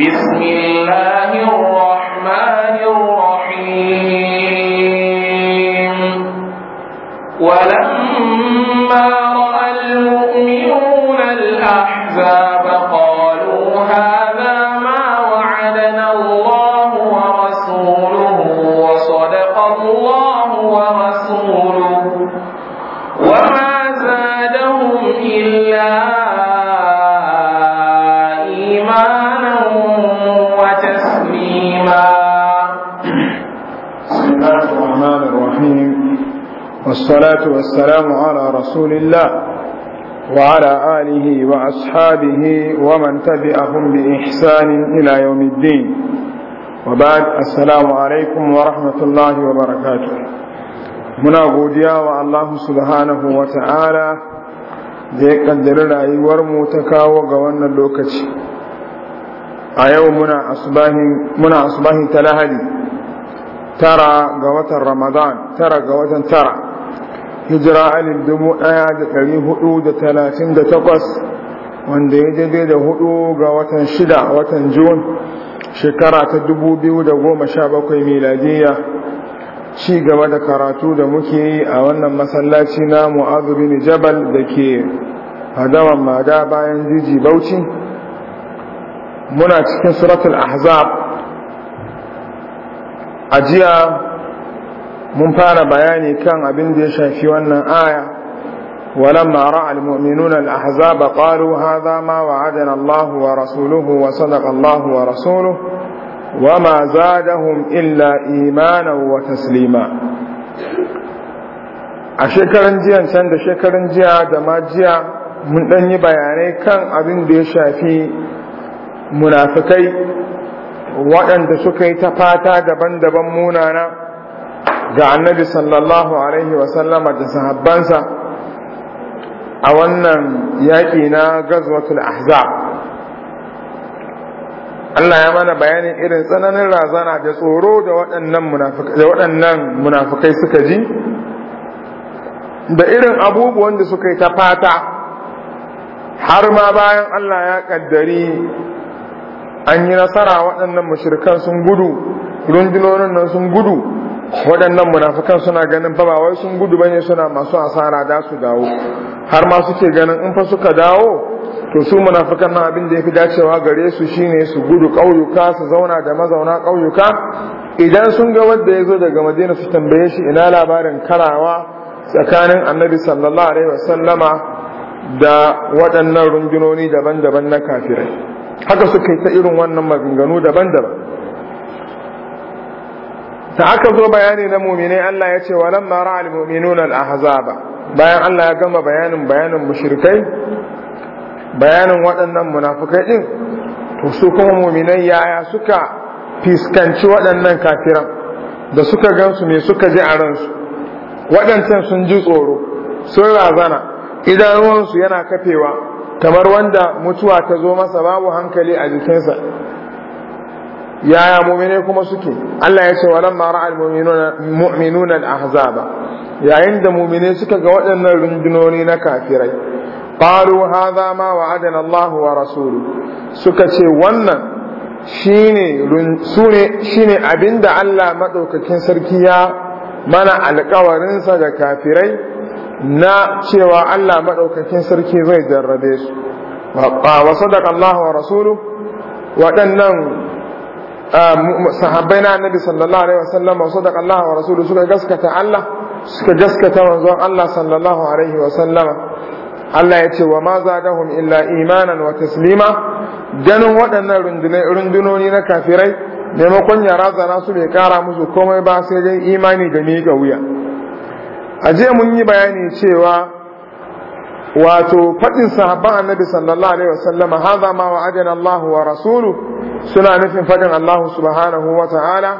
بسم الله والصلاة والسلام على رسول الله وعلى آله وأصحابه ومن تبعهم بإحسان إلى يوم الدين وبعد السلام عليكم ورحمة الله وبركاته muna godiya wa Allah subhanahu wa ta'ala da ya rayuwarmu ta kawo ga wannan lokaci a yau muna asubahin ta lahadi tara ga watan ramadan tara ga watan tara hijira alif dubu ɗaya da ɗari hudu da talatin da takwas wanda ya daidai da hudu ga watan shida watan jun shekara ta dubu biyu da goma sha bakwai miladiyya ci gaba da karatu da muke yi a wannan masallaci na mu'azu bin jabal da ke hadawan mada bayan jiji bauchi muna cikin suratul ahzab a jiya mun fara bayani kan abin da ya shafi wannan aya ولما راى المؤمنون الاحزاب قالوا هذا ما وعدنا الله ورسوله وصدق الله ورسوله وما زادهم الا ايمانا وتسليما a shekaran jiya can da shekaran jiya da ma jiya mun dan yi bayanai kan abin da ya shafi munafikai waɗanda suka yi ta fata daban-daban munana ga annabi sallallahu alaihi wasallama da sahabbansa a wannan yaƙi na gazwatul ahzab Allah ya mana bayanin irin tsananin razana da tsoro da waɗannan munafukai suka ji da irin abubuwan da suka yi ta fata har ma bayan Allah ya ƙaddari an yi nasara waɗannan mashirkan sun gudu rundunonin nan sun gudu waɗannan munafukan suna ganin ba wai sun gudu bane suna masu asara da su dawo har ma suke ganin in fa suka dawo to su munafukan nan abin da yafi dacewa gare su shine su gudu ƙauyuka su zauna da mazauna ƙauyuka idan sun ga wanda ya zo daga madina su tambaye shi ina labarin karawa tsakanin annabi sallallahu alaihi wasallama da waɗannan rundunoni daban-daban na kafirai haka suka yi ta irin wannan maganganu daban-daban da aka zo bayani na muminai Allah ya ce wa lam mara al-muminuna al-ahzaba bayan Allah ya gama bayanin bayanin mushrikai bayanin waɗannan munafukai din to su kuma muminai yaya suka fiskanci waɗannan kafiran da suka gansu ne suka ji a ransu waɗancan sun ji tsoro sun razana idanuwansu yana kafewa kamar wanda mutuwa ta zo masa babu hankali a jikinsa yaya mu'minai kuma suke Allah ya ce walamma ra'al mu'minuna al-ahzaba yayin da mu'minai suka ga waɗannan rundunoni na kafirai qalu hadha ma wa'adana wa rasuluhu suka ce wannan shine sune shine abinda Allah madaukakin sarki ya mana alƙawarin sa ga kafirai na cewa Allah maɗaukakin sarki zai jarrabe su wa sadaqa Allah wa rasuluhu waɗannan sahabbai na annabi sallallahu alaihi wasallam sadaqa Allah wa rasulu suka gaskata Allah suka gaskata manzon Allah sallallahu alaihi wasallama Allah ya ce wa ma zadahum illa imanan wa taslima ganin waɗannan rundunoni na kafirai maimakon ya razana su bai kara musu komai ba sai dai imani da miƙa wuya a je mun yi bayani cewa wato faɗin sahabban annabi sallallahu alaihi wasallam hadha ma wa'adana Allah wa rasuluhu suna nufin faɗin Allah subhanahu wa ta'ala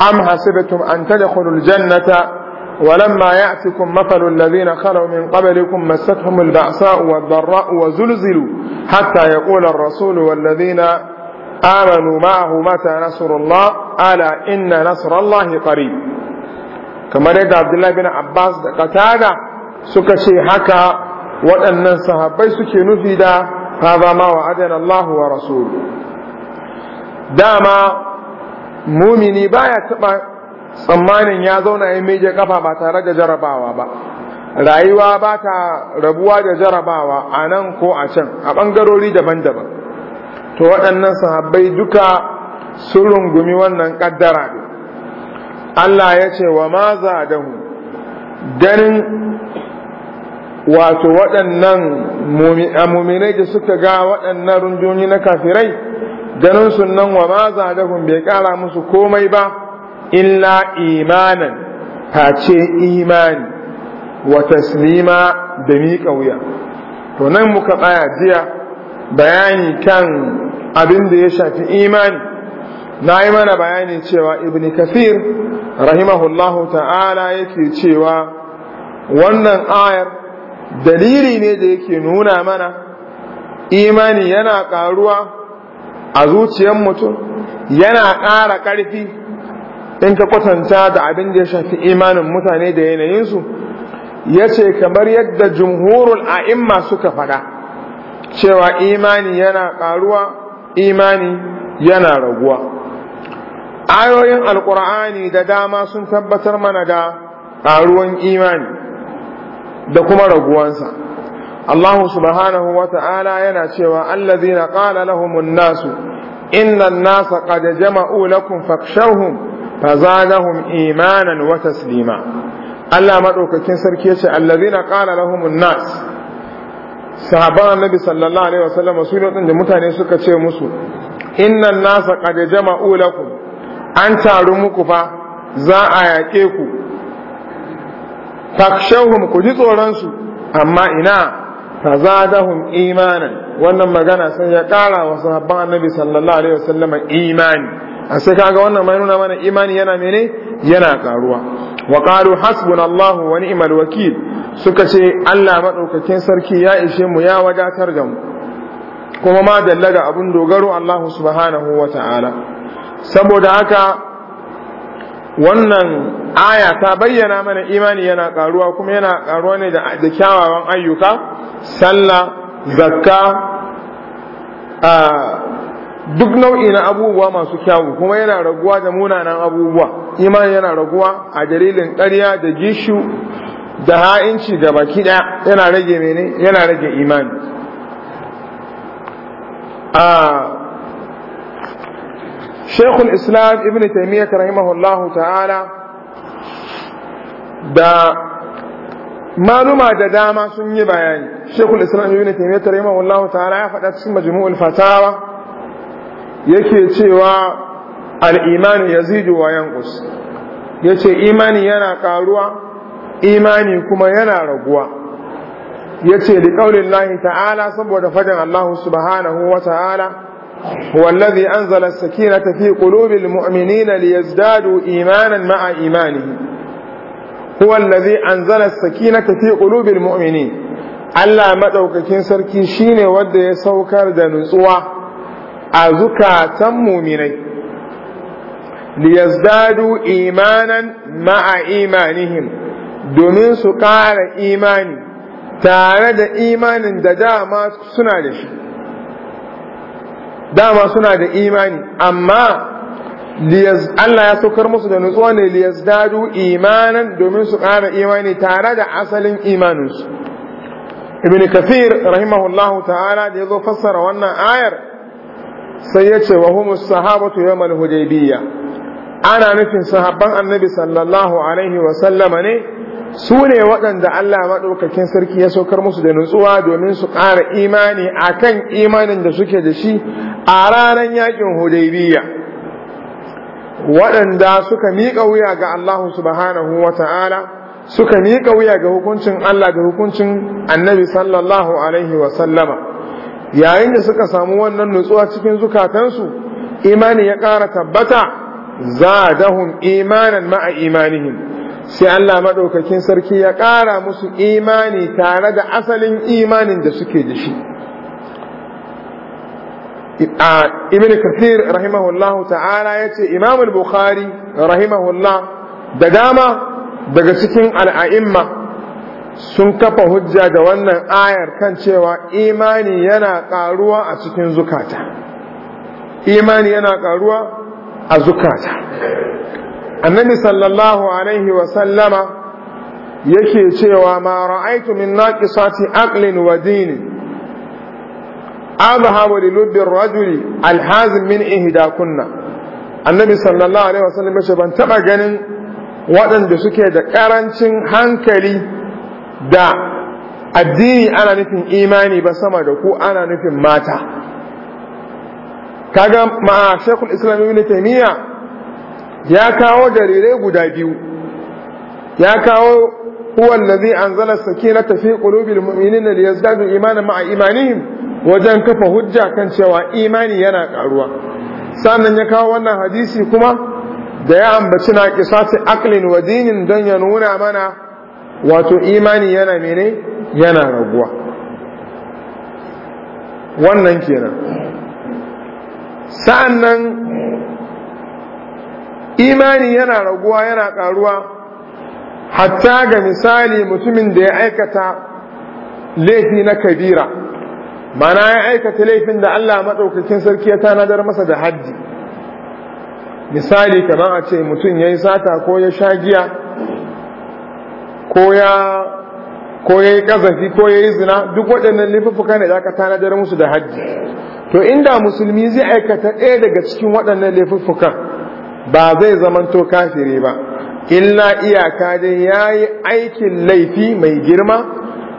am hasibtum an tadkhulul jannata ولما يأتكم مثل الذين خلوا من قبلكم مستهم البأساء والضراء وزلزلوا حتى يقول الرسول والذين آمنوا معه متى نصر الله ألا إن نصر الله قريب كما رد عبد الله بن عباس قتادة سكشي حكى وأن صحابي سكي نفيدا هذا ما وعدنا الله ورسوله dama mumini baya taba tsammanin ya zauna ya meje kafa ba tare da jarabawa ba rayuwa ba ta rabuwa da jarabawa a nan ko a can a ɓangarori daban-daban to waɗannan sahabbai duka sun rungumi wannan ƙaddara ne Allah ya ce wa ma za mu. ganin wato waɗannan muminai da suka ga waɗannan runduni na kafirai ganin sunan wa ma zadahum bai kara musu komai ba illa imanan face imani wa taslima da miƙa wuya to nan muka tsaya jiya bayani kan abin da ya shafi imani na yi mana bayani cewa ibn kasir rahimahullahu ta'ala yake cewa wannan ayar dalili ne da yake nuna mana imani yana ƙaruwa a zuciyar mutum yana ƙara ƙarfi in ka kwatanta da abin da ya shafi imanin mutane da yanayinsu ya ce kamar yadda jumhurul a'imma suka faɗa cewa imani yana ƙaruwa imani yana raguwa ayoyin alƙur'ani da dama sun tabbatar mana da ƙaruwan imani da kuma raguwansa Allah subhanahu yana cewa allazina qala lahumun nasu inna nasa qad jama'u lakum fakshawhum fazadahum imanan wa taslima Allah madaukakin sarki yace allazina qala lahumun nas sahaban annabi sallallahu alaihi wasallam su ne da mutane suka ce musu inna nasa qad jama'u lakum an taru muku fa za a yaƙe ku fakshawhum ku ji tsoron su amma ina fazadahum imanan wannan magana sai ya ƙara wa sahabban annabi sallallahu alaihi wasallam imani a sai kaga wannan mai nuna mana imani yana mene yana karuwa wa qalu hasbunallahu wa ni'mal suka ce Allah madaukakin sarki ya ishe mu ya wadatar da mu kuma ma dallaga abun dogaro Allah subhanahu wa ta'ala saboda haka wannan aya ta bayyana mana imani yana karuwa kuma yana karuwa ne da kyawawan ayyuka sallah zakka duk nau'i na abubuwa masu kyawu kuma yana raguwa da munanan abubuwa imani yana raguwa a dalilin ƙarya da gishu da ha'inci da baki ɗaya yana rage mene yana rage imani shekul islam ibn taimiyya rahimahullahu ta'ala da maluma da dama sun yi bayani shekul islam ibn taimiyya rahimahullahu ta'ala ya faɗa cikin majmu'ul fatawa yake cewa al'imani ya zidu wa yankus ya ce imani yana ƙaruwa imani kuma yana raguwa ya ce da ta'ala saboda fadin Allah subhanahu wa ta'ala هو الذي أنزل السكينة في قلوب المؤمنين ليزدادوا إيمانا مع إيمانه هو الذي أنزل السكينة Allah maɗaukakin sarki shine wanda ya saukar da nutsuwa a zukatan muminai liyazdadu imanan ma'a imanihim domin su ƙara imani tare da imanin da dama suna da shi dama suna da imani amma Allah ya saukar musu da nutsuwa ne liyazdadu imanan domin su ƙara imani tare da asalin imaninsu ibn kafir rahimahullahu ta'ala da ya zo fassara wannan ayar sai ya ce wa humus sahabatu yawmal hudaybiyya ana nufin sahabban annabi sallallahu alaihi wa sallama ne su ne waɗanda Allah maɗaukakin sarki ya saukar musu da nutsuwa domin su ƙara imani a kan imanin da suke da shi a ranar yakin hudaibiyya waɗanda suka miƙa wuya ga Allah subhanahu wa ta'ala suka miƙa wuya ga hukuncin Allah da hukuncin annabi sallallahu alaihi wa yayin da suka samu wannan nutsuwa cikin zukatansu imani ya ƙara tabbata zadahum imanan ma'a imanihim sai Allah maɗaukakin sarki ya ƙara musu imani tare da asalin imanin da suke da shi ibn kathir rahimahullah ta'ala ya ce Imamul bukhari rahimahullah da dama daga cikin al'a'imma sun kafa hujja da wannan ayar kan cewa imani yana ƙaruwa a cikin zukata imani yana ƙaruwa a zukata annabi sallallahu alaihi wa sallama yake cewa ma ra'aitu min naqisati aqlin wa dini adhabu li lubbi ar-rajuli al-hazim min annabi sallallahu alaihi wa sallam ban taba ganin waɗanda suke da ƙarancin hankali da addini ana nufin imani ba sama da ku ana nufin mata kaga ma shekul islam ibn taymiya ya kawo dalilai guda biyu ya kawo huwa allazi anzala sakinata muminin qulubil mu'minina liyazdadu imanan a imanihim wajen kafa hujja kan cewa imani yana karuwa sannan ya kawo wannan hadisi kuma da ya ambaci na kisasi aklin wa dinin don ya nuna mana wato imani yana mene yana raguwa wannan kenan sa'annan imani yana raguwa yana ƙaruwa, hatta ga misali mutumin da ya aikata laifi na kabira mana ya aikata laifin da Allah maɗaukakin sarki ya tanadar masa da haddi misali kamar a ce mutum ya yi sata ko ya sha giya ko ya yi ƙazafi ko ya yi zina duk waɗannan laifuka ne za ka tanadar musu da haddi. to inda musulmi zai aikata ɗaya daga cikin waɗannan laifukan ba zai zamanto kafiri ba illa iyaka dai yayi aikin laifi mai girma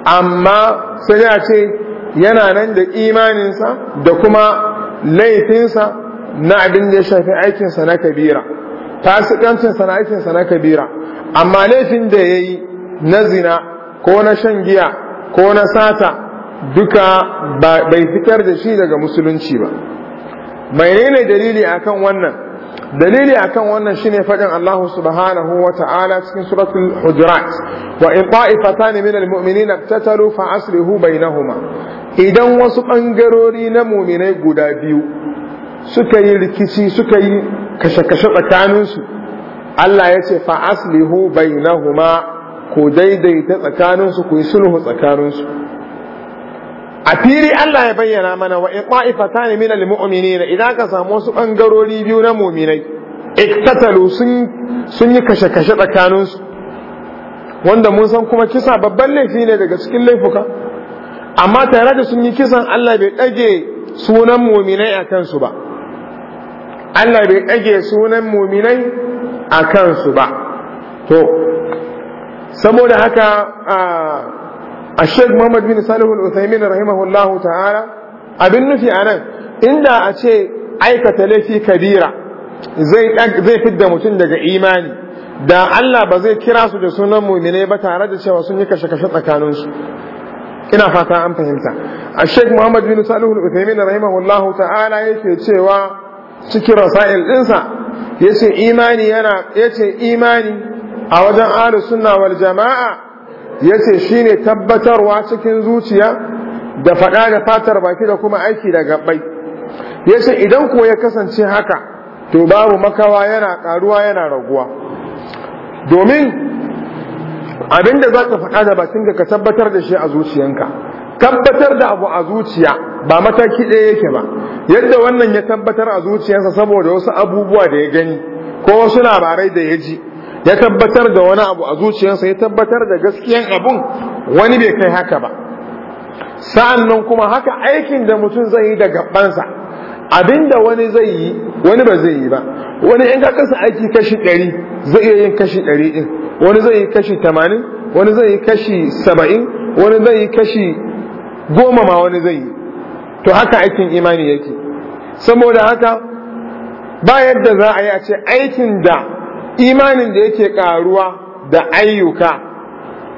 amma sai ya ce yana nan da imaninsa da kuma laifinsa na abin da ya shafi aikinsa na kabira fasikancinsa na aikinsa na kabira amma laifin da ya yi na zina ko na shan giya ko na sata duka bai fitar da shi daga musulunci ba mai ne dalili akan wannan dalili akan wannan shine fadin Allah subhanahu wa ta'ala cikin suratul hujurat wa in ta'ifatan min almu'minina tatalu fa aslihu bainahuma idan wasu bangarori na mu'minai guda biyu suka yi rikici suka yi kashe-kashe tsakanin su Allah ya ce fa aslihu bainahuma ku daidaita tsakanin su ku yi sulhu tsakanin su a fili Allah ya bayyana mana wa in ta'ifatan min al-mu'minina idan ka samu wasu bangarori biyu na mu'minai iktatalu sun sun yi kashe kashe tsakaninsu, su wanda mun san kuma kisa babban laifi ne daga cikin laifuka amma tare da sun yi kisan Allah bai dage sunan mu'minai a kansu ba Allah bai dage sunan mu'minai a kansu ba to saboda haka ah, a sheik muhammad bin salihul uthaymin rahimahullahu ta'ala abin nufi anan, nan inda a ce aikata laifi kabira zai fidda mutum daga imani da Allah ba zai kira su da sunan muminai ba tare da cewa sun yi kashe-kashe tsakaninsu ina fata an fahimta a sheik muhammad bin salihul uthaymin rahimahullahu ta'ala yake cewa cikin rasa'il ɗinsa ya ce imani yana imani a wajen ahlus sunna jama'a yace shine tabbatarwa cikin zuciya da faɗa da fatar baki da kuma aiki da gabbai yace idan ko ya kasance haka to babu makawa yana karuwa yana raguwa domin abinda za ka faɗa da bakinka ka tabbatar da shi a zuciyanka tabbatar da abu a zuciya ba mataki ɗaya yake ba yadda wannan ya tabbatar a zuciyarsa saboda wasu abubuwa da ya gani ko wasu labarai da ya ji ya tabbatar da wani abu a zuciyarsa ya tabbatar da gaskiyan abun wani bai kai haka ba sa'an nan kuma haka aikin da mutum zai yi da gabansa abinda wani zai yi wani ba zai yi ba wani in kakasa aiki kashi ɗari zai iya yin kashi ɗari ɗin wani zai yi kashi tamanin wani zai yi kashi saba'in wani zai yi kashi goma ma wani zai yi to haka aikin imani yake saboda haka ba yadda za a yi a ce aikin da imanin da yake karuwa da ayyuka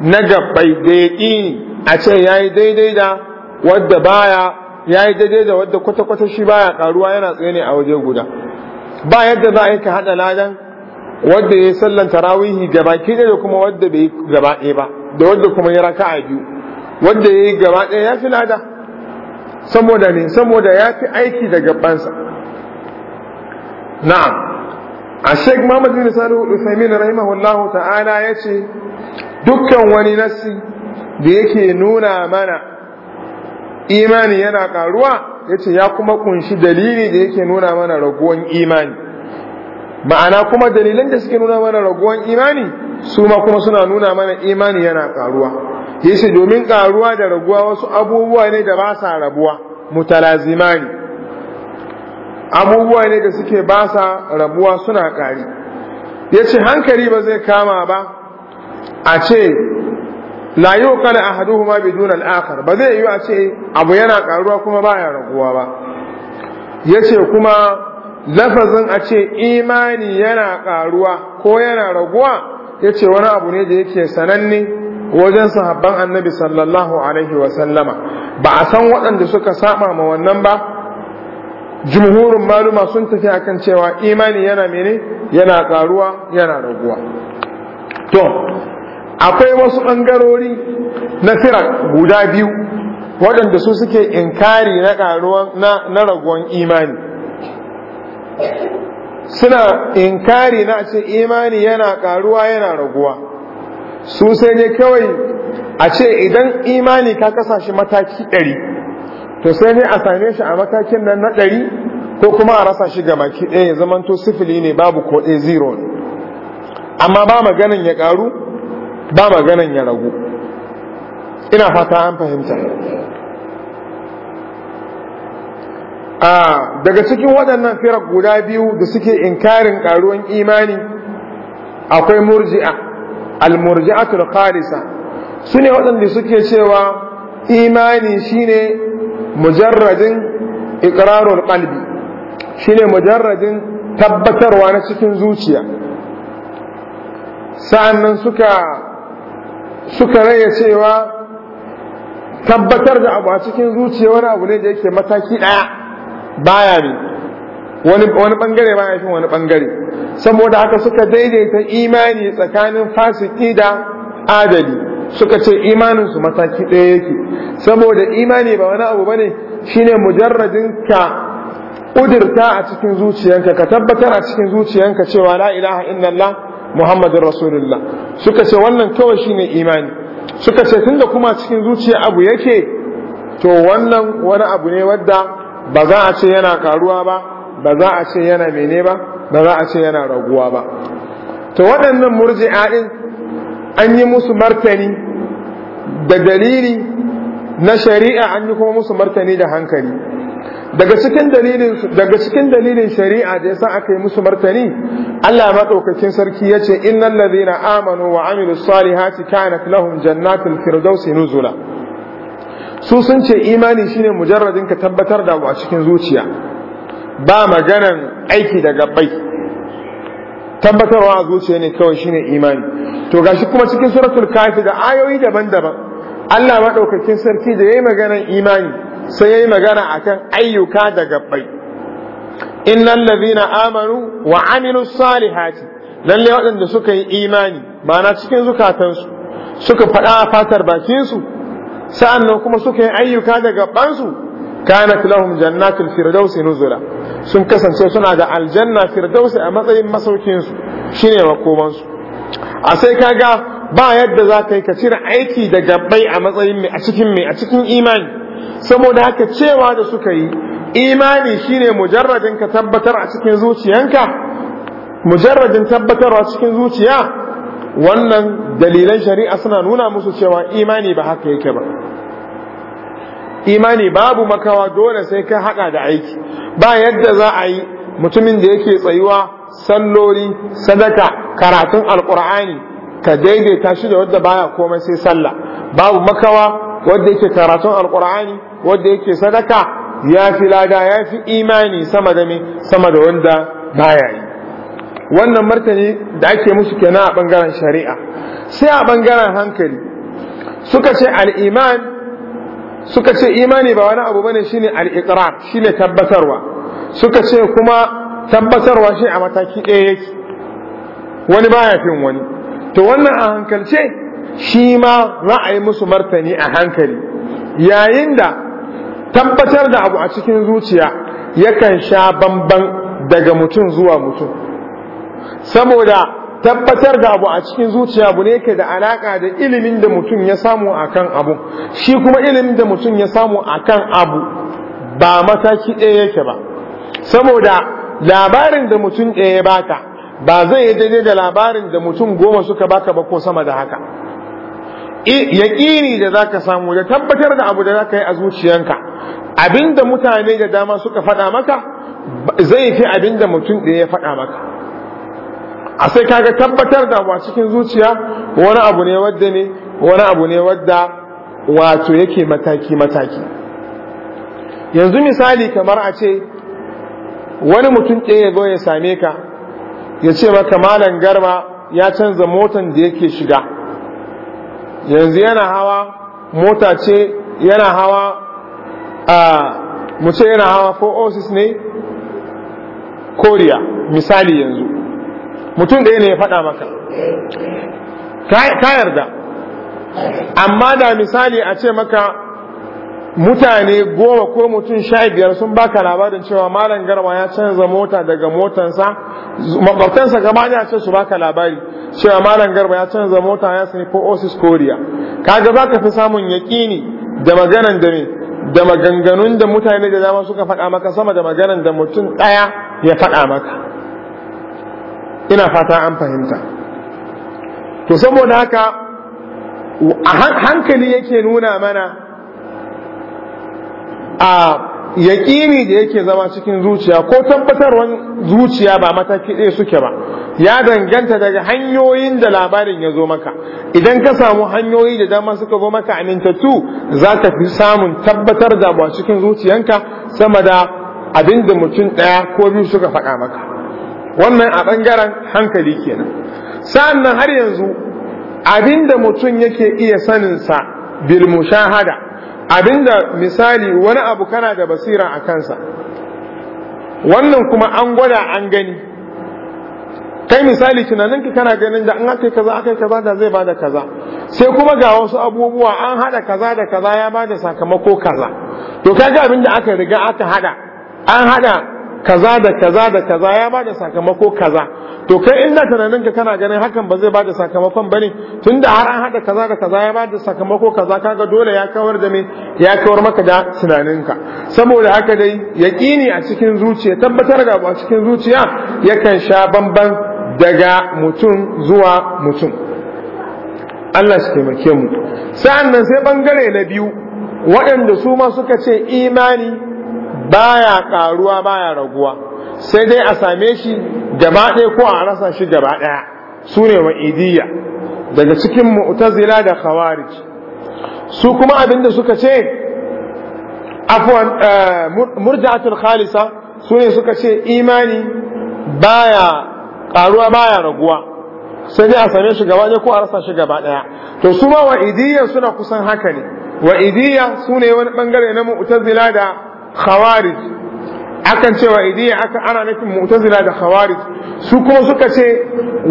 na gabbai da ya a ce ya yi daidai da wadda baya ya yi daidai da wadda kwata-kwata shi baya karuwa yana tsaye ne a waje guda ba yadda za a yi ka haɗa ladan wadda ya sallan tarawihi gaba ɗaya da kuma wadda bai gaba ɗaya ba da wadda kuma ya raka a biyu wadda ya yi gaba ɗaya ya fi lada saboda ne saboda ya fi aiki da gabansa na'am a sheik muhammad bin salu usaimin rahimahullahu ta'ala ya ce dukkan wani nasi da yake nuna mana imani yana karuwa ya ce ya kuma kunshi dalili da yake nuna mana raguwan imani ma'ana kuma dalilan da suke nuna mana raguwan imani su ma kuma suna nuna mana imani yana karuwa ya ce domin karuwa da raguwa wasu abubuwa ne da ba sa rabuwa mutalazimani abubuwa ne da suke ba sa rabuwa suna ƙari ya ce hankali ba zai kama ba a ce la yi wa kada ahaduhu ma duna al'akar ba zai yi a ce abu yana ƙaruwa kuma ba ya raguwa ba ya ce kuma lafazin a ce imani yana ƙaruwa ko yana raguwa ya ce wani abu ne da yake sananne wajen sahabban annabi sallallahu alaihi wasallama ba a san waɗanda suka saba ma wannan ba jumhurin maluma sun tafi akan cewa imani yana mene yana karuwa yana raguwa to akwai wasu ɓangarori na fira guda biyu waɗanda su suke inkari na karuwa na, raguwan imani suna inkari na ce imani yana karuwa yana raguwa su sai ne kawai a ce idan imani ka kasashe shi mataki ɗari to sai ne a same shi a matakin nan na ɗari ko kuma a rasa shi ga maki? ɗaya ya zama to sifili ne babu ko ɗaya zero ne amma ba maganan ya ƙaru ba maganan ya ragu ina fata an fahimta a daga cikin waɗannan firar guda biyu da suke inkarin ƙaruwan imani akwai murji'a al-murji'atul su ne waɗanda suke cewa imani shine mujarradin iqrarul qalbi shine mujarradin tabbatarwa na cikin zuciya sa'annan suka suka rage cewa tabbatar da abu a cikin zuciya wani abu ne da yake mataki daya baya ne wani wani bangare baya fin wani bangare saboda haka suka daidaita imani tsakanin fasiki da adali suka ce imanin su mataki ɗaya yake saboda imani ba wani abu bane shine mujarradin ka kudirta a cikin zuciyanka ka tabbatar a cikin zuciyanka cewa la ilaha illallah muhammadur rasulullah suka ce wannan kawai shine imani suka ce tunda kuma cikin zuciya abu yake to wannan wani abu ne wadda ba za a ce yana karuwa ba ba za a ce yana mene ba ba za a ce yana raguwa ba to waɗannan murji'a din an yi musu martani da dalili na shari'a an yi kuma musu martani da hankali daga cikin dalilin daga cikin dalilin shari'a da yasa aka yi musu martani Allah madaukakin sarki yace innal ladhina amanu wa amilus salihati kanat lahum jannatul firdausi nuzula su sun ce imani shine mujarradin ka tabbatar da a cikin zuciya ba maganan aiki da gabbai tabbatarwa a zuciya ne kawai shine imani to gashi kuma cikin suratul kafi da ayoyi daban-daban Allah madaukakin sarki da yayi maganar imani sai yayi magana a kan ayyuka da gabbai innal ladhina amanu wa amilus salihati lalle waɗanda suka yi imani ma'ana cikin zukatansu suka faɗa a fatar bakinsu sa'annan kuma suka yi ayyuka da gabansu kanat lahum jannatul firdausi nuzula sun kasance suna da aljanna firdausi a matsayin masaukin su shine makoman su a sai kaga ba yadda za ka yi ka cire aiki da gabbai a matsayin mai a cikin mai a cikin imani saboda haka cewa da suka yi imani shine mujarradin ka tabbatar a cikin zuciyanka mujarradin tabbatarwa cikin zuciya wannan dalilan shari'a suna nuna musu cewa imani ba haka yake ba imani babu makawa dole sai ka haɗa da aiki ba yadda za a yi mutumin da yake tsayuwa salloli sadaka karatun alkur'ani ka daidaita shi da wadda baya komai sai sallah babu makawa wadda yake karatun alkur'ani wadda yake sadaka ya fi lada ya fi imani sama da me sama da wanda baya yi wannan martani da ake musu kenan a bangaren shari'a sai a bangaren hankali suka ce al'iman suka ce imani ba wani abu bane shine al-iqrar shine tabbatarwa suka ce kuma tabbatarwa shi a mataki ɗaya yake wani baya fin wani to wannan a hankalce shi ma za a yi musu martani a hankali yayin da tabbatar da abu a cikin zuciya yakan sha bamban daga mutum zuwa mutum saboda tabbatar da abu a cikin zuciya abu ne yake da alaka da ilimin da mutum ya samu akan abu shi kuma ilimin da mutum ya samu akan abu ba mataki ɗaya yake ba saboda labarin da mutum ɗaya ya baka ba zai yi daidai da labarin da mutum goma suka baka ba ko sama da haka ƙini da za ka samu da tabbatar da abu da za ka yi a zuciyanka abinda mutane da dama suka faɗa maka zai fi abinda mutum ɗaya ya faɗa maka a sai kaga tabbatar da wa cikin zuciya wani abu ne wadda ne wani abu ne wadda wato yake mataki mataki yanzu misali kamar a ce wani mutum ɗaya ya ya same ka ya ce maka malam garba ya canza motan da yake shiga yanzu yana hawa mota ce yana hawa a mu yana hawa 4 ne koriya misali yanzu mutum ɗaya ne ya faɗa maka ka yarda amma da misali a ce maka mutane goma ko mutum sha biyar sun baka labarin cewa malam garba ya canza mota daga motansa makwabtansa gaba ne a ce su baka labari cewa malam garba ya canza mota ya sani ko osis koriya kaga za ka fi samun yaƙini da maganan da me da maganganun da mutane da dama suka faɗa maka sama da maganan da mutum ɗaya ya faɗa maka ina fata an fahimta to saboda haka hankali yake nuna mana a yaƙini da yake zama cikin zuciya ko tabbatarwar zuciya ba mataki ɗaya suke ba ya danganta daga hanyoyin da labarin ya zo maka idan ka samu hanyoyi da dama suka zo maka amintattu za ka fi samun tabbatar da ba cikin zuciyanka sama da abinda mutum ɗaya ko biyu suka faɗa maka wannan a ɓangaren hankali kenan sa'an har yanzu abinda mutum yake iya saninsa bil mushahada abinda misali wani abu kana da basira a kansa wannan kuma an gwada an gani kai misali tunaninka kana ganin da an haka kaza aka kaza da zai bada kaza sai kuma ga wasu abubuwa an hada kaza da kaza ya bada sakamako kaza to kaga abin da aka riga aka hada an hada kaza da kaza da kaza ya ba da sakamako kaza to kai inda tunanin ka kana ganin hakan ba zai ba da sakamakon bane tunda har an hada kaza da kaza ya ba da sakamako kaza kaga dole ya kawar da me ya kawar maka da tunaninka saboda haka dai yaqini a cikin zuciya tabbatar ga a cikin zuciya yakan sha bamban daga mutum zuwa mutum Allah shi taimake mu sa'an nan sai bangare na biyu waɗanda su ma suka ce imani baya karuwa baya raguwa sai dai a same shi gaba ɗaya ko a rasa shi gaba ɗaya su ne wa'idiyya daga cikin mu'tazila da khawarij su kuma abinda suka ce afwan eh, murjatul khalisa su ne suka ce imani baya karuwa baya raguwa sai dai a same shi gaba ɗaya ko a rasa shi gaba ɗaya to su ma wa'idiyya suna kusan haka ne wa'idiyya su ne wani bangare na mu'tazila da khawarij akan cewa idiya aka ana nufin mu'tazila da khawarij su kuma suka ce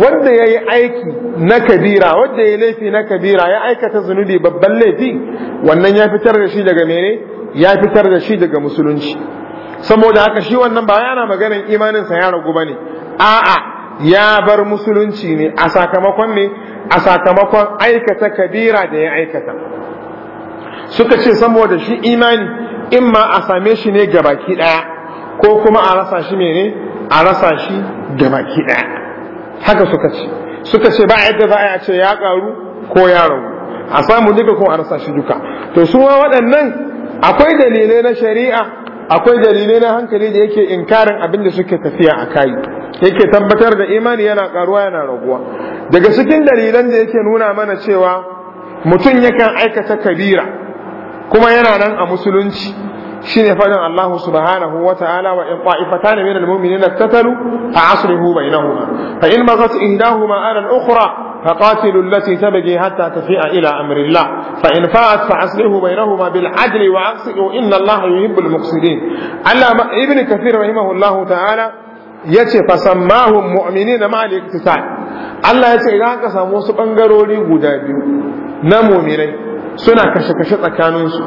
wanda yayi aiki na kabira wanda yayi laifi na kabira ya aikata zunubi babban laifi wannan ya fitar da shi daga mene ya fitar da shi daga musulunci saboda haka shi wannan ba yana maganar imanin sa ya ragu bane a'a ya bar musulunci ne a sakamakon ne a sakamakon aikata kabira da ya aikata suka ce saboda shi imani in ma a same shi ne gabaki ɗaya ko kuma a rasa shi mene a rasa shi gabaki ɗaya haka suka ce suka ce ba yadda za a ce ya ƙaru ko ya ragu a samu duka kuma a rasa shi duka to su ma waɗannan akwai dalilai na shari'a akwai dalilai na hankali da yake inkarin abin da suke tafiya a kai yake tabbatar da imani yana karuwa yana raguwa daga cikin dalilan da yake nuna mana cewa mutum yakan aikata kabira kuma yana nan a musulunci shine fadin Allah subhanahu wa ta'ala wa in qa'ifatan min al-mu'minina tatalu fa asrihu bainahuma fa in maghat ihdahuma ala al-ukhra فقاتلوا التي تبغي حتى تفيء إلى أمر الله فإن فاءت فأصلحوا بينهما بالعدل وأقسطوا إن الله يحب المقسطين ابن كثير رحمه الله تعالى yace fasammahum mu'minina ma al-iktisal Allah yace idan aka samu wasu bangarori guda biyu na mu'minai suna kashe-kashe tsakaninsu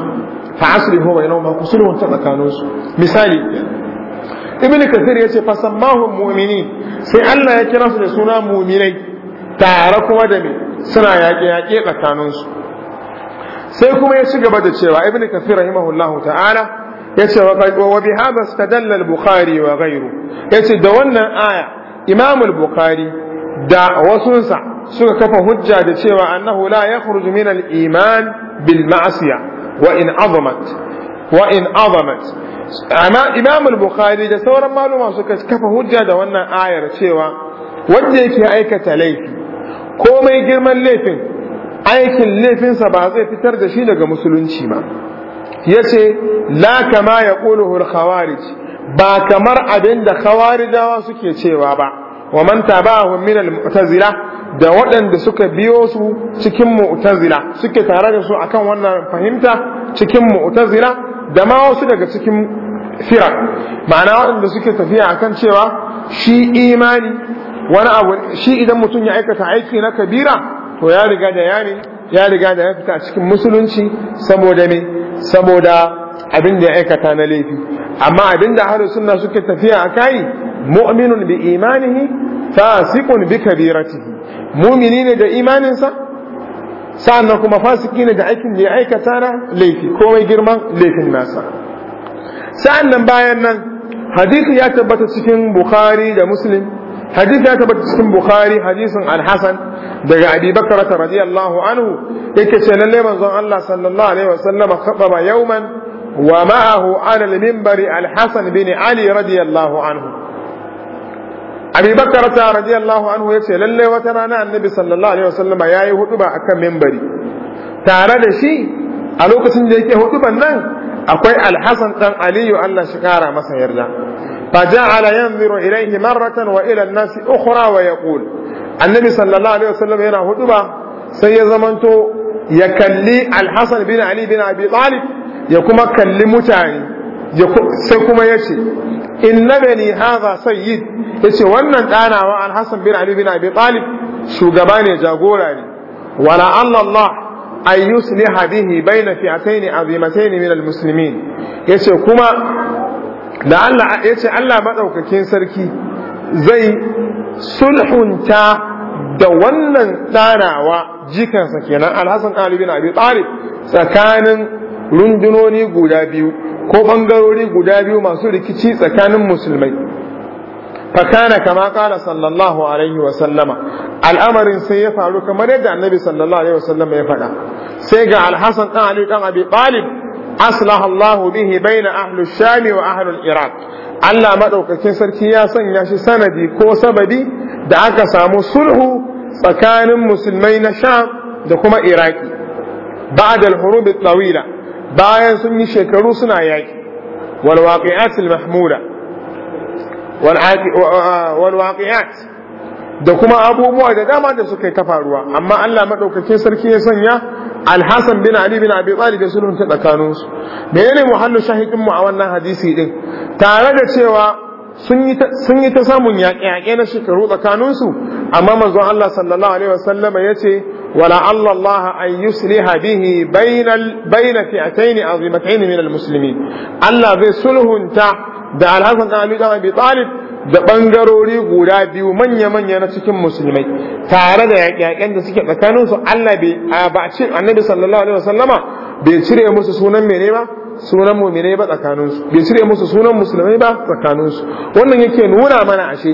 fa asri huwa yana ma kusuru wanta tsakaninsu misali ibn kathir yace fa sammahum mu'minin sai Allah ya kira su da suna mu'minai tare kuma da me suna yaƙe yaƙe tsakaninsu sai kuma ya ci gaba da cewa ibn kathir rahimahullah ta'ala yace wa bi hadha istadalla al-bukhari wa ghayru yace da wannan aya imam al-bukhari da wasunsa suka kafa hujja da cewa annahu la yakhruju min iman bil ma'siya wa in azamat wa in azamat amma imam al-bukhari da sauran maluma suka kafa hujja da wannan ayar cewa wanda yake aikata laifi komai girman laifin aikin laifinsa ba zai fitar da shi daga musulunci ba ce la kama ya al-khawarij ba kamar abin da khawarijawa suke cewa ba wa man tabahum min al-mu'tazila da waɗanda suka biyo su cikin mu'tazila suke tare da su akan wannan fahimta cikin mu'tazila da ma wasu daga cikin fira ma'ana waɗanda suke tafiya akan cewa shi imani wani abu shi idan mutum ya aikata aiki na kabira to ya riga da yare ya riga da ya fita cikin musulunci saboda me saboda abin da ya aikata na laifi amma abin da sunna suke tafiya a akai mu'minun bi imanihi fasiqun bi kabiratihi mu'mini ne da imaninsa sa'annan kuma fasiki ne da aikin da ya aikata na laifi komai girman laifin nasa sa'annan bayan nan hadisi ya tabbata cikin bukhari da muslim hadisi ya tabbata cikin bukhari hadisin al-hasan daga abi bakar radiyallahu anhu yake ce lalle manzon Allah sallallahu alaihi wasallam khababa yawman wa ma'ahu ala al-minbari al-hasan bin ali radiyallahu anhu abi bakar ta radiyallahu anhu yace lalle wata rana annabi sallallahu alaihi wasallam yayi hutuba akan membari tare da shi a lokacin da yake hutuban nan akwai alhasan dan aliyu Allah shi kara masa yarda فجعل ينظر إليه مرة وإلى الناس أخرى ويقول النبي صلى الله عليه وسلم هنا هدبة سيزمنتو يكلي الحسن بن علي بن أبي طالب يكما كلي متعني سيكما يشي inna bani hadha sayyid yace wannan danawa al-hasan bin ali bin abi talib shugaba ne jagora ne wala Allah an yusliha bihi baina fi'atayn azimatayn min al-muslimin yace kuma da Allah yace Allah madaukakin sarki zai sulhunta da wannan danawa jikansa kenan al-hasan ali bin abi talib tsakanin rundunoni guda biyu ko bangarori guda biyu masu rikici tsakanin musulmai fakana kama kala sallallahu alaihi wa sallama al'amarin sai ya faru kamar yadda annabi sallallahu alaihi wa sallama ya faɗa sai ga alhassan ɗan ali ɗan abi ɓalib aslaha Allah bihi baina ahlu shami wa ahlu iraq Allah madaukakin sarki ya sanya shi sanadi ko sababi da aka samu sulhu tsakanin musulmai na sham da kuma iraki ba'da al-hurub tawila bayan sun yi shekaru suna yaƙi wal al mahmuda wal da kuma abubuwa da dama da suka yi ta faruwa amma Allah maɗaukacin sarki ya sanya Alhassan, hasan bin Ali bin Abi Talib ya sulhunta tsakanin menene muhallu shahidin mu a wannan hadisi din tare da cewa sun yi sun yi ta samun yaƙe-yaƙe na shekaru tsakaninsu? amma manzon Allah sallallahu alaihi ya yace ولعل الله أن يصلح به بين ال... بين فئتين عظيمتين من المسلمين الله زي صلح تا da alhassan da ali abi talib da bangarori guda biyu manya manya na cikin musulmai tare da yaƙen da suke tsakanin su Allah bai ba ce annabi sallallahu alaihi wasallama bai cire musu sunan mene ba sunan mu'mine ba tsakanin su bai cire musu sunan musulmai ba tsakanin su wannan yake nuna mana ashe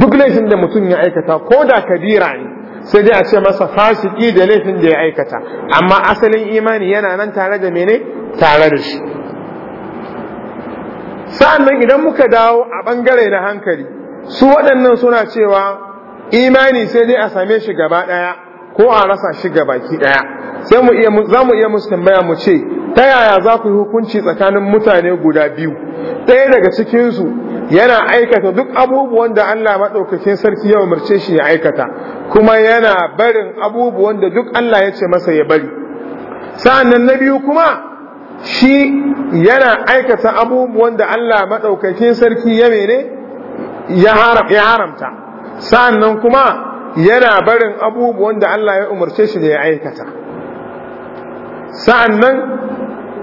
duk laifin da mutum ya aikata ko da kabira ne sai dai a ce masa fasiki da laifin da ya aikata amma asalin imani yana nan tare da mene tare da shi sa'an nan idan muka dawo a ɓangare na hankali su waɗannan suna cewa imani sai dai a same shi gaba ɗaya ko a rasa shi ki ɗaya sai mu iya za mu iya musu tambaya mu ce ta yaya za ku yi hukunci tsakanin mutane guda biyu ɗaya daga cikinsu yana aikata duk abubuwan da Allah maɗaukakin sarki ya umarce shi ya aikata kuma yana barin abubuwan da duk Allah ya ce masa ya bari sa'annan na biyu kuma shi yana aikata abubuwan da Allah maɗaukakin sarki ya mene ya haramta sa'annan kuma yana barin abubuwan da Allah ya umarce shi da ya aikata sa'annan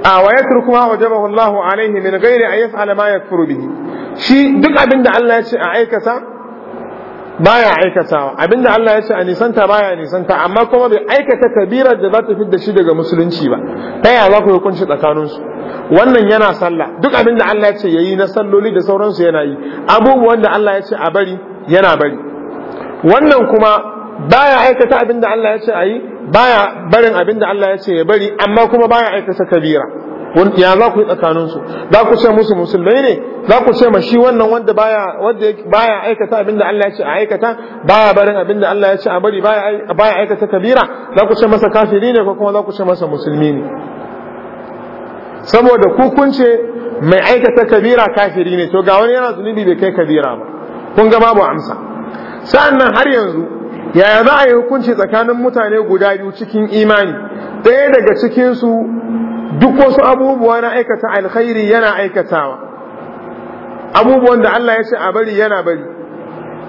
a wayatar kuma wajabahu Allah alaihi min gairi a yaf'ala ma yakfuru bihi shi duk abinda da Allah ya ce a aikata baya aikatawa abin Allah ya ce a nisanta baya nisanta amma kuma bai aikata kabirar da za ta fi da shi daga musulunci ba ta yaya za ku hukunci tsakaninsu wannan yana sallah duk abinda da Allah ya ce yayi na salloli da sauransu yana yi abubuwan da Allah ya ce a bari yana bari wannan kuma baya aikata abin da Allah ya ce a yi baya barin abinda Allah ya ce ya bari amma kuma baya aikata kabira ya za ku yi tsakaninsu za ku ce musu musulmai ne za ku ce ma shi wannan wanda baya wanda baya aikata abinda Allah ya ce a aikata baya barin abinda Allah ya ce a bari baya baya aikata kabira za ku ce masa kafiri ne ko kuma za ku ce masa musulmi ne saboda kukunce mai aikata kabira kafiri ne to ga wani yana zunubi bai kai kabira ba kun ga babu amsa Sannan har yanzu yaya za a yi hukunci tsakanin mutane guda biyu cikin imani ɗaya daga cikin su duk wasu abubuwa na aikata alkhairi yana aikatawa abubuwan da Allah ya ce a bari yana bari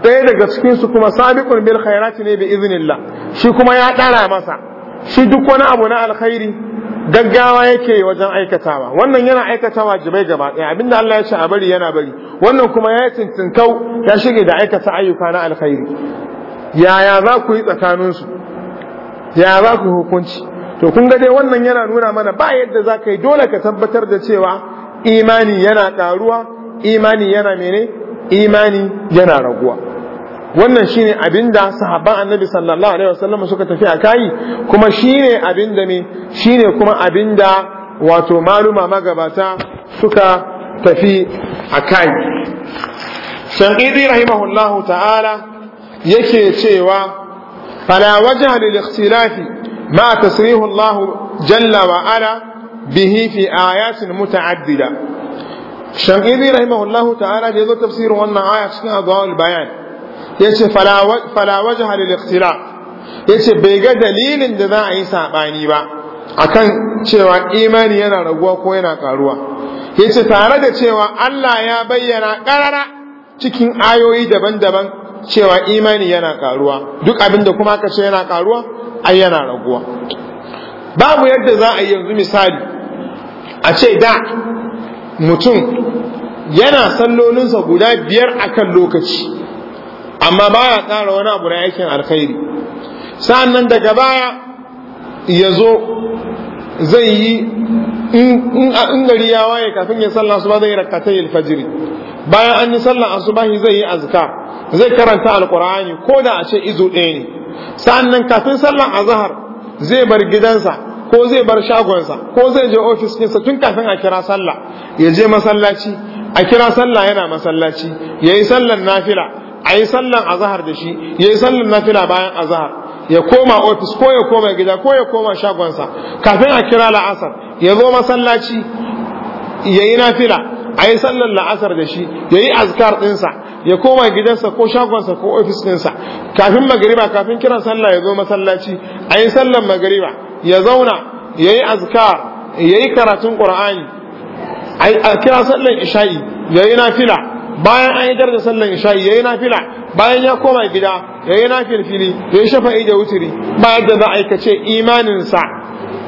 ɗaya daga cikin su kuma sabiqun bil khairati ne bi iznillah shi kuma ya ɗara masa shi duk wani abu na alkhairi gaggawa yake wajen aikatawa wannan yana aikata wajibai gaba ɗaya abinda Allah ya ce a bari yana bari wannan kuma ya tintinkau ya shige da aikata ayyuka na alkhairi yaya za ku yi tsakaninsu yaya za ku hukunci to kun ga dai wannan yana nuna mana ba yadda za ka yi dole ka tabbatar da cewa imani yana ƙaruwa imani yana mene imani yana raguwa wannan shine abin da sahabban annabi sallallahu alaihi wasallam suka tafi a kai kuma shine abin da me shine kuma abin da wato maluma magabata suka tafi a kai shanqidi rahimahullahu ta'ala yake cewa fala wajen lil ما تصريح الله جل وعلا به في آيات متعددة شنقيذي رحمه الله تعالى جزء تفسير وأن آية شنها ضوء البيان يتي فلا, فلا وجه للاختلاف يتي بيغا دليل دذا عيسى باني با akan cewa imani yana raguwa ko yana karuwa yace tare da cewa Allah ya bayyana karara cikin ayoyi daban-daban cewa imani yana karuwa duk abin da kuma aka ce yana karuwa ai yana raguwa babu yadda za a yi yanzu misali a ce da mutum yana sallolinsa guda biyar akan lokaci amma ba ya tsara wani abu na aikin alkhairi sa'annan daga baya ya zo zai yi in gari ya waye kafin ya sallah su ba zai rakatai alfajiri bayan an yi sallah asubahi zai yi azkar zai karanta alkur'ani ko da a ce izo ɗaya ne sa'annan kafin sallan azhar zai bar gidansa ko zai bar shagonsa ko zai je ofis kinsa tun kafin a kira sallah ya je masallaci a kira sallah yana masallaci ya yi sallan nafila a yi sallan azahar da shi ya yi sallan nafila bayan azahar ya koma ofis ko ya koma gida ko ya koma shagonsa kafin a kira la'asar ya zo masallaci ya yi nafila a yi sallar la'asar da shi ya yi azkar ɗinsa ya koma gidansa ko shagonsa ko ofis ɗinsa kafin magariba kafin kiran sallah ya zo masallaci a yi sallar magariba ya zauna ya yi azkar ya yi karatun ƙur'ani a kira sallar isha'i ya yi nafila bayan an yi da sallar isha'i ya yi nafila bayan ya koma gida ya yi nafilfili ya yi shafa'i da wuturi ba da za a aikace imaninsa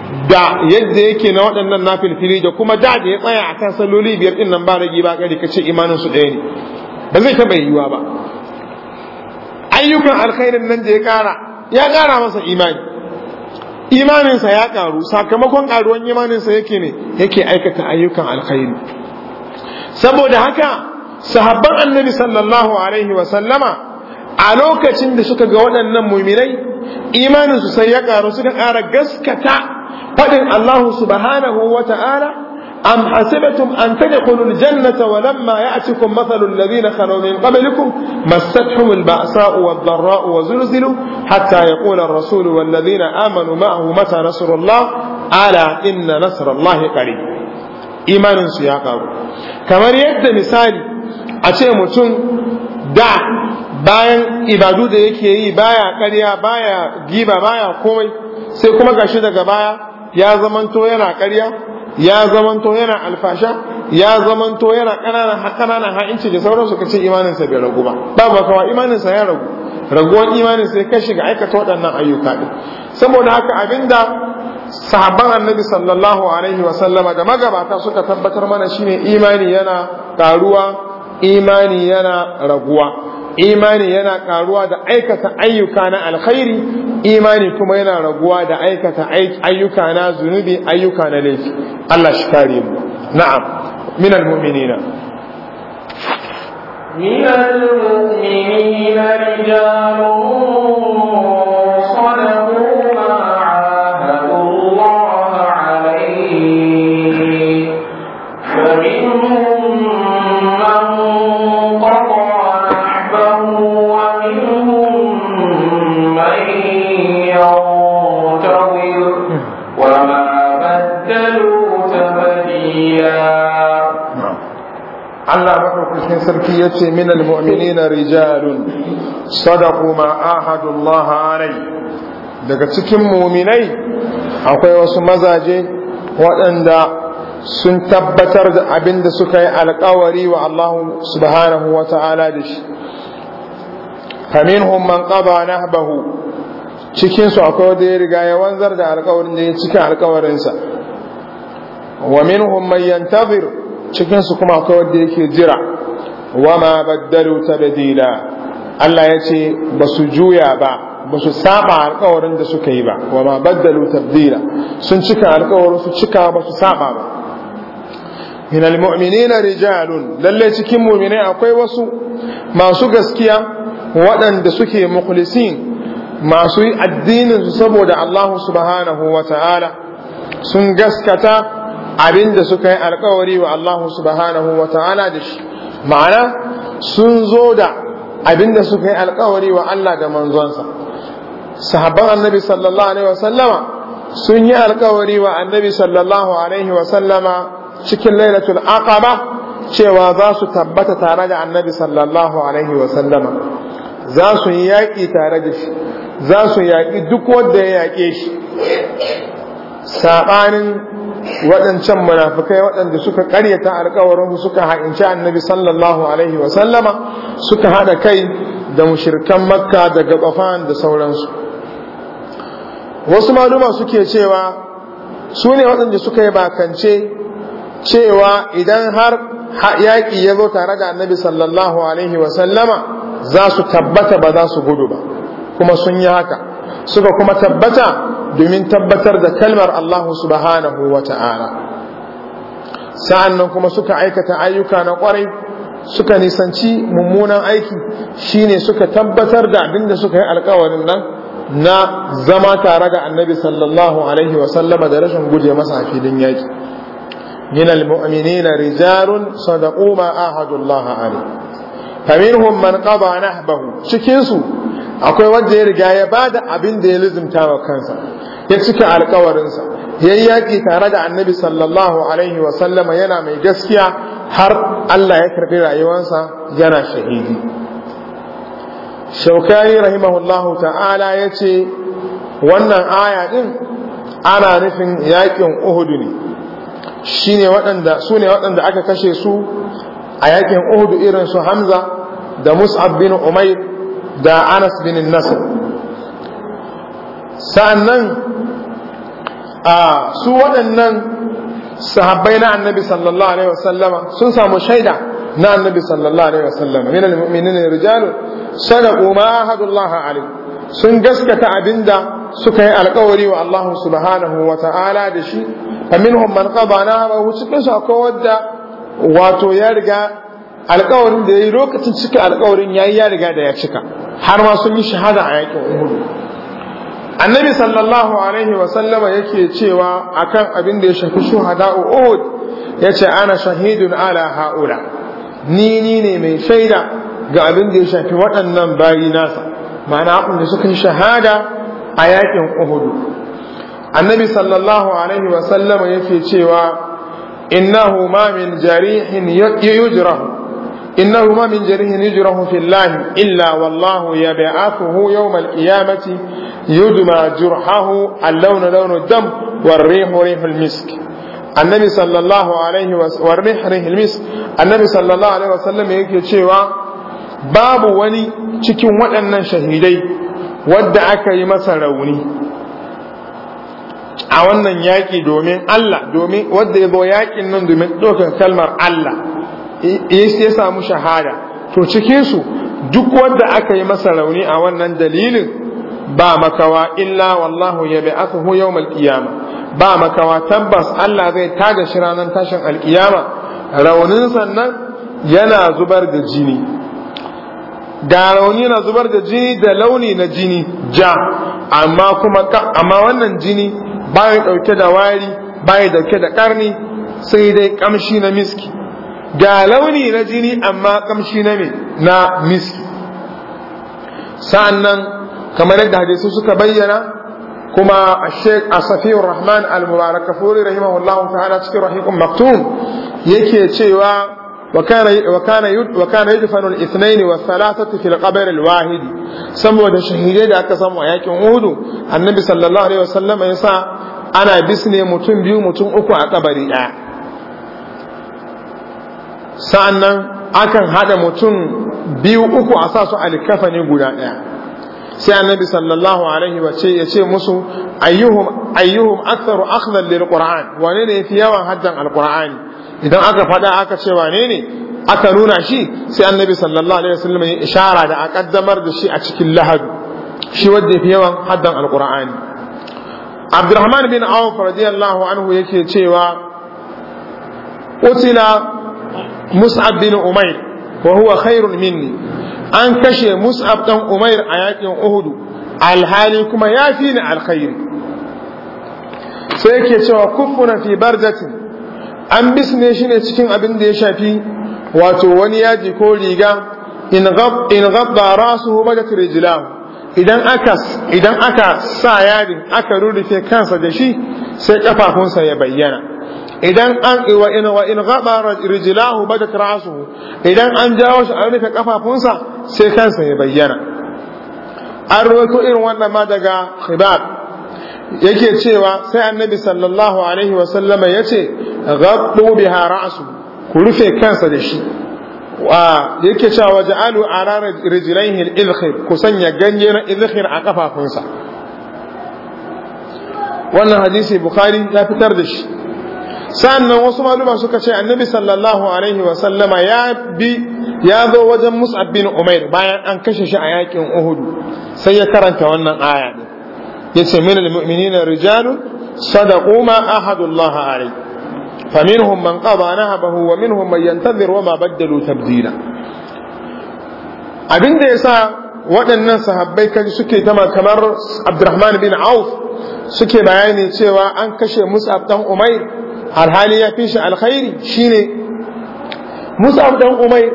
da yadda yake na waɗannan nafilfili da kuma da da ya tsaya a kan salloli biyar ɗin nan ba rage ba ƙari ka ce imanin ɗaya ne ba zai taɓa yiwuwa ba ayyukan alkhairin nan da ya ƙara ya ƙara masa imani imaninsa ya ƙaru sakamakon ƙaruwan imaninsa yake ne yake aikata ayyukan alkhairi saboda haka sahabban annabi sallallahu alaihi wa sallama a lokacin da suka ga waɗannan muminai imaninsu sai ya ƙaru suka ƙara gaskata faɗin Allahu subhanahu wa ta'ala am hasibatum an tadkhulu aljannata wa lamma ya'tikum mathalu alladhina khalu min qablikum massatuhum alba'sa'u wadh-dharra'u wa zulzilu hatta yaqula ar-rasul walladhina amanu ma'ahu mata nasrullah ala inna nasrallahi qarib imanin su ya karu kamar yadda misali a ce mutum da bayan ibadu da yake yi baya ƙarya baya giba baya komai sai kuma gashi daga baya ya zamanto yana ƙarya ya zamanto yana alfasha ya zamanto yana ƙananan ƙananan ha'inci da sauransu ka ce imaninsa bai ragu ba ba ba kawai imaninsa ya ragu raguwar imanin sai ka shiga aikata waɗannan ayyuka ɗin saboda haka abinda sahabban annabi sallallahu alaihi wa sallama da magabata suka tabbatar mana shine imani yana ƙaruwa imani yana raguwa imani yana karuwa da aikata ayyuka na alkhairi imani kuma yana raguwa da aikata ayyuka na zunubi ayyuka na laifi Allah shi kare mu na'am min almu'minina min almu'minina rijalun Allah maɗaukakin sarki ya ce min minal na rijalun sadaku ma ahadullaha alai daga cikin muminai akwai wasu mazaje waɗanda sun tabbatar da abin da suka yi alkawari wa Allah subhanahu wa ta'ala da shi faminhum man qada nahbahu cikin su akwai wanda ya riga ya wanzar da alkawarin da ya cika alkawarinsa wa minhum man yantazir Cikinsu kuma akwai wanda yake jira wa ma baddalu tabdila Allah ya ce ba su juya ba ba su saba alƙawarin da suka yi ba wa ma baddalu tabdila sun cika alƙawarin su cika ba su saba ba min almu'minina rijalun lalle cikin mu'minai akwai wasu masu gaskiya waɗanda suke mukhlisin masu yi addinin su saboda Allah subhanahu wa ta'ala sun gaskata abinda suka yi alkawari wa Allah subhanahu wa ta'ala da shi ma'ana sun zo da abinda suka yi alkawari wa Allah da manzonsa sahabban annabi sallallahu alaihi wasallama sun yi alkawari wa annabi sallallahu alaihi wasallama cikin lailatul aqaba cewa za su tabbata tare da annabi sallallahu alaihi wasallama za su yi yaƙi tare da shi za su yaƙi duk wanda ya yaƙe shi saɓanin waɗancan munafikai waɗanda suka ƙaryata alƙawarin suka ha'inci annabi sallallahu alaihi wasallama suka haɗa kai da mushirkan makka da gabafan da sauransu wasu maluma suke cewa su ne waɗanda suka yi bakance cewa idan har yaƙi ya zo tare da annabi sallallahu alaihi wasallama za su tabbata ba za su gudu ba kuma sun yi haka suka kuma tabbata domin tabbatar da kalmar Allah subhanahu wa ta'ala sa'an nan kuma suka aikata ayyuka na ƙwarai suka nisanci mummunan aiki shine suka tabbatar da abin da suka yi alkawarin nan na zama tare da annabi sallallahu alaihi wasallama da rashin guje masa a filin yaƙi min al-mu'minina rijalun sadaqu ma ahadu alaihi faminhum man qada nahbahu cikin su akwai wanda ya riga ya bada abin da ya lizumta wa kansa ya cika alkawarinsa ya yi yaƙi tare da annabi sallallahu alaihi wa sallama yana mai gaskiya har Allah ya karɓi rayuwarsa yana shahidi shaukari rahimahullahu ta'ala ya ce wannan aya ɗin ana nufin yaƙin uhudu ne su ne waɗanda aka kashe su a yakin Uhudu, irin su Hamza da Mus'ab bin Umair da Anas bin Nasr sa'annan a su waɗannan sahabbai na annabi sallallahu alaihi wasallama sun samu shaida na annabi sallallahu alaihi wasallama minal mu'minin rijalun sadaqu ma ahadullahi alaihi sun gaskata abinda suka yi alkawari wa Allah subhanahu wa ta'ala da shi fa minhum man qada nahbahu cikin su akwai wadda wato ya riga alkawarin da ya yi lokacin cika alkawarin ya yi ya riga da ya cika har ma sun yi shahada a yakin uhud annabi sallallahu alaihi wasallama yake cewa akan abin da ya shafi shuhada'u uhud ya ce ana shahidun ala ha'ula ni ni ne mai shaida ga abin da ya shafi waɗannan bayi nasa mana abin da suka yi shahada a yakin uhud annabi sallallahu alaihi wasallama yake cewa إنه ما من جريح يجره إنه ما من جريح يجره في الله إلا والله يبعثه يوم القيامة يدمى جرحه اللون لون الدم والريح ريح المسك النبي صلى الله عليه وسلم والريح ريح المسك النبي صلى الله عليه وسلم يكي cewa babu wani cikin waɗannan shahidai wadda aka yi masa rauni a wannan yaƙi domin Allah domin wanda ya zo yaƙin nan domin ɗaukar kalmar Allah ya samu shahada to cikin su duk wanda aka yi masa rauni a wannan dalilin ba makawa illa wallahu ya bi aka hu yau ba makawa tabbas Allah zai tada shi ranar tashin alƙiyama raunin sannan yana zubar da jini ga rauni na zubar da jini da launi na jini ja amma kuma amma wannan jini bayan ɗauke da wari bayan ɗauke da ƙarni sai dai ƙamshi na miski ga launi na jini amma ƙamshi na na miski sa'annan kamar yadda hadisi suka bayyana kuma a Asafiyur Rahman Al-Mubarakafuri rahimahullahu ta'ala cikin rahikun maktum yake cewa وكان وكان وكان يدفن الاثنين والثلاثه في القبر الواحد saboda shahidai da aka samu a yakin hudu, annabi sallallahu alaihi wasallam ya sa ana bisne mutum biyu mutum uku a kabari ɗaya sa'annan akan haɗa mutum biyu uku a sasu su alkafani guda ɗaya sai annabi sallallahu alaihi wa ce ya ce musu ayyuhum ayyuhum aktharu akhdhan lilqur'an wane ne yafi yawan haddan alqur'ani idan aka faɗa aka ce wane ne aka nuna shi sai annabi sallallahu alaihi wasallam ya ishara da a kaddamar da shi a cikin lahadu shi wanda fi yawan haddan alqur'ani abdurrahman bin awf radiyallahu anhu yake cewa utila mus'ab bin umair wa huwa khairun minni an kashe mus'ab dan umair a yakin uhud alhali kuma yafi ni alkhairi sai yake cewa kufuna fi bardatin an bisne shi ne cikin abin da ya shafi wato wani yaji ko riga in gabba rasu ba da turejila aka idan aka sa yadin aka rurrufe kansa da shi sai kafafunsa ya bayyana idan an iwa in wa in gaba ba da turasu idan an jawo shi a rufe kafafunsa sai kansa ya bayyana an rawaito irin wannan ma daga khibar yake cewa sai annabi sallallahu alaihi wasallama ya ce gaɗo biha ra'asu ku rufe kansa da shi yake cewa waje alu a ranar rijilaihin ilkhir ku sanya ganye na ilkhir a kafafunsa wannan hadisi bukhari ya fitar da shi sannan wasu maluma suka ce annabi sallallahu alaihi wasallama ya bi ya zo wajen mus'ab bin umair bayan an kashe shi a yakin uhudu sai ya karanta wannan aya yace min almu'minina rijalun sadaqu ma ahadullah alai فمنهم من قضى نهبه ومنهم من ينتظر وما بدلوا تبديلا abin da ya sa waɗannan sahabbai kaji suke tama kamar abdurrahman bin auf suke bayani cewa an kashe musab dan umair alhali ya fi shi alkhairi shine musab dan umair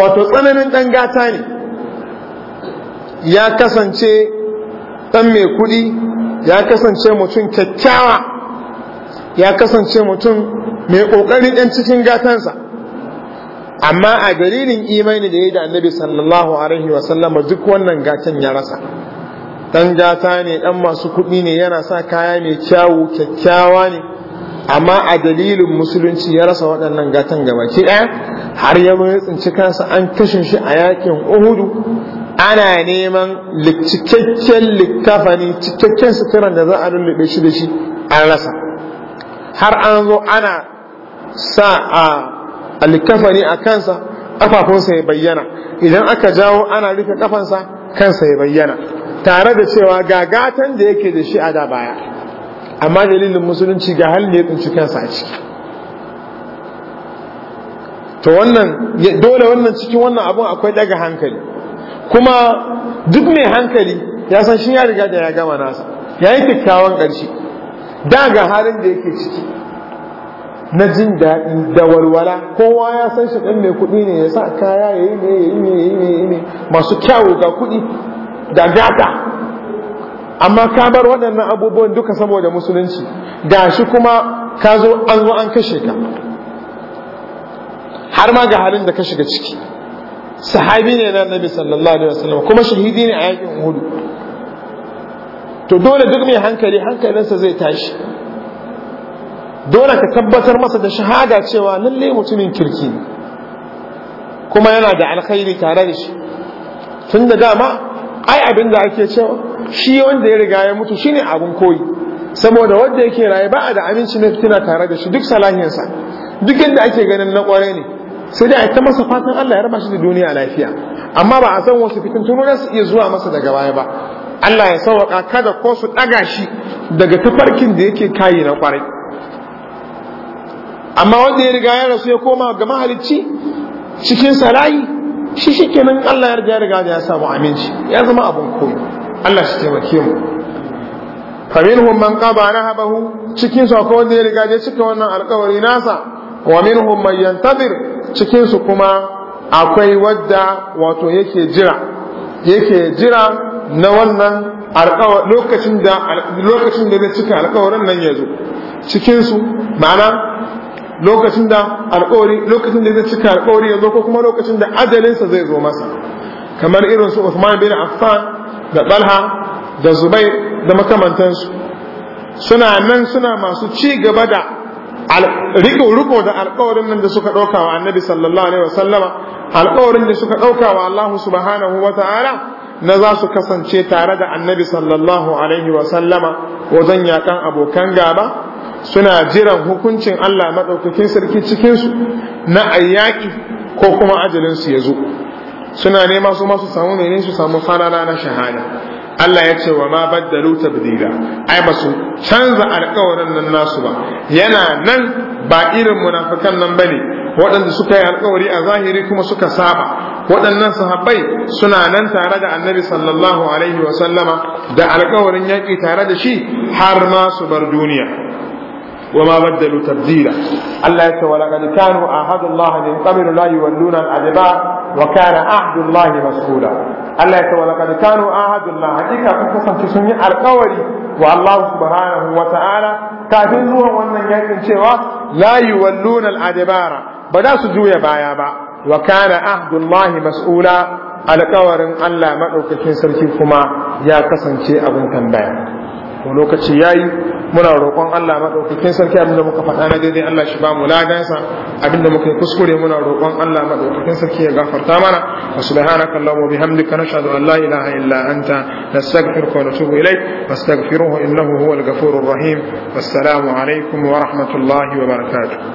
wato tsananin ɗan gata ne ya kasance ɗan mai kuɗi ya kasance mutum kyakkyawa ya kasance mutum mai ƙoƙarin ɗan cikin gatansa amma a dalilin imani da ya yi da annabi sallallahu alaihi wasallama duk wannan gatan ya rasa ɗan gata ne ɗan masu kuɗi ne yana sa kaya mai kyawu kyakkyawa ne amma a dalilin musulunci ya rasa waɗannan gatan gaba gabaki ɗaya har ya tsinci kansa an kashin shi a yakin uhudu ana neman cikakken littafani cikakken suturan da za a lullube shi da shi an rasa har an zo ana sa a littafani a kansa ƙafafunsa ya bayyana idan aka jawo ana rufe ƙafansa kansa ya bayyana tare da cewa gagatan da yake da shi a da baya amma dalilin musulunci ga halin ne ya tsinci kansa a ciki to wannan dole wannan cikin wannan abun akwai daga hankali kuma duk mai hankali ya san shi ya riga da ya gama nasa ya yi kyakkyawan ƙarshe da ga halin da yake ciki na jin daɗi da walwala kowa ya san shi ɗan mai kuɗi ne ya sa kaya ya yi ne ya yi ne ya yi ne masu kyawo ga kuɗi da gata amma ka bar waɗannan abubuwan duka saboda musulunci ga shi kuma ka zo an zo an kashe ka har ma ga halin da ka shiga ciki sahabi ne na annabi sallallahu alaihi wasallam kuma shahidi ne a yakin hudu. to dole duk mai hankali hankalinsa zai tashi dole ka tabbatar masa da shahada cewa lalle mutumin kirki ne kuma yana da alkhairi tare da shi tun da dama ai abin da ake cewa shi wanda ya riga ya mutu shine abun koyi saboda wanda yake raye ba a da aminci na fitina tare da shi duk salahiyarsa duk inda ake ganin na ƙware ne sai dai a ta masa fatan Allah ya raba shi da duniya lafiya amma ba a san wasu fitintunu da su iya zuwa masa daga baya ba Allah ya sauka kada ko su ɗaga shi daga tafarkin da yake kayi na kwarai amma wanda ya riga ya rasu ya koma ga mahalicci cikin salayi shi shi kenan Allah ya riga ya riga samu aminci ya zama abun koyo Allah shi taimake mu فمنهم من قضى نهبه cikin sa wanda ya riga ya cika wannan alƙawari nasa wa minhum man yantabir cikinsu kuma akwai wadda wato yake jira yake jira na wannan lokacin da lokacin da zai cika alkawarin nan ya zo cikinsu ma'ana lokacin da alkawari lokacin da zai cika alkawari ya zo ko kuma lokacin da ajalinsa zai zo masa kamar irin su Usman, bin Affan da Talha da Zubair da makamantansu suna nan suna masu ci gaba da riko da alƙawarin nan da suka ɗauka wa annabi sallallahu alaihi wasallama alƙawarin da suka ɗauka wa Allah subhanahu wa ta'ala na za su kasance tare da annabi sallallahu alaihi wasallama wajen yakan abokan gaba suna jiran hukuncin Allah maɗaukakin sarki cikinsu na ayyaki ko kuma ajalinsu ya zo suna nema su masu samu menene su samu farara na shahada Allah ya ce wa ma baddalu tabdila ai ba su canza alƙawarin nan nasu ba yana nan ba irin munafikan nan bane waɗanda suka yi alƙawari a zahiri kuma suka saba waɗannan sahabbai suna nan tare da annabi sallallahu alaihi wa sallama da alƙawarin yaƙi tare da shi har ma su bar duniya وما بدلوا تبديلا الله يسوى ولقد كانوا عهد الله من قبل لا يولون الأدباء وكان عهد الله مسؤولا الله يسوى ولقد كانوا عهد الله حقيقة كنت تسمي القول والله سبحانه وتعالى كافين زوها وانا يكن شوى لا يولون الأدبار بدا سجوية بايا با وكان عهد الله مسؤولا alkawarin Allah maɗaukakin sarki kuma ya kasance abin tambaya to lokaci yayi muna roƙon Allah madaukakin sarki abinda muka faɗa na daidai Allah shi ba mu ladansa abinda muka kuskure muna roƙon Allah madaukakin sarki ya gafarta mana wa subhanaka allahumma bihamdika nashhadu an la ilaha illa anta nastaghfiruka wa natubu ilayk wastaghfiruhu innahu huwal ghafurur rahim wassalamu alaikum wa rahmatullahi wa barakatuh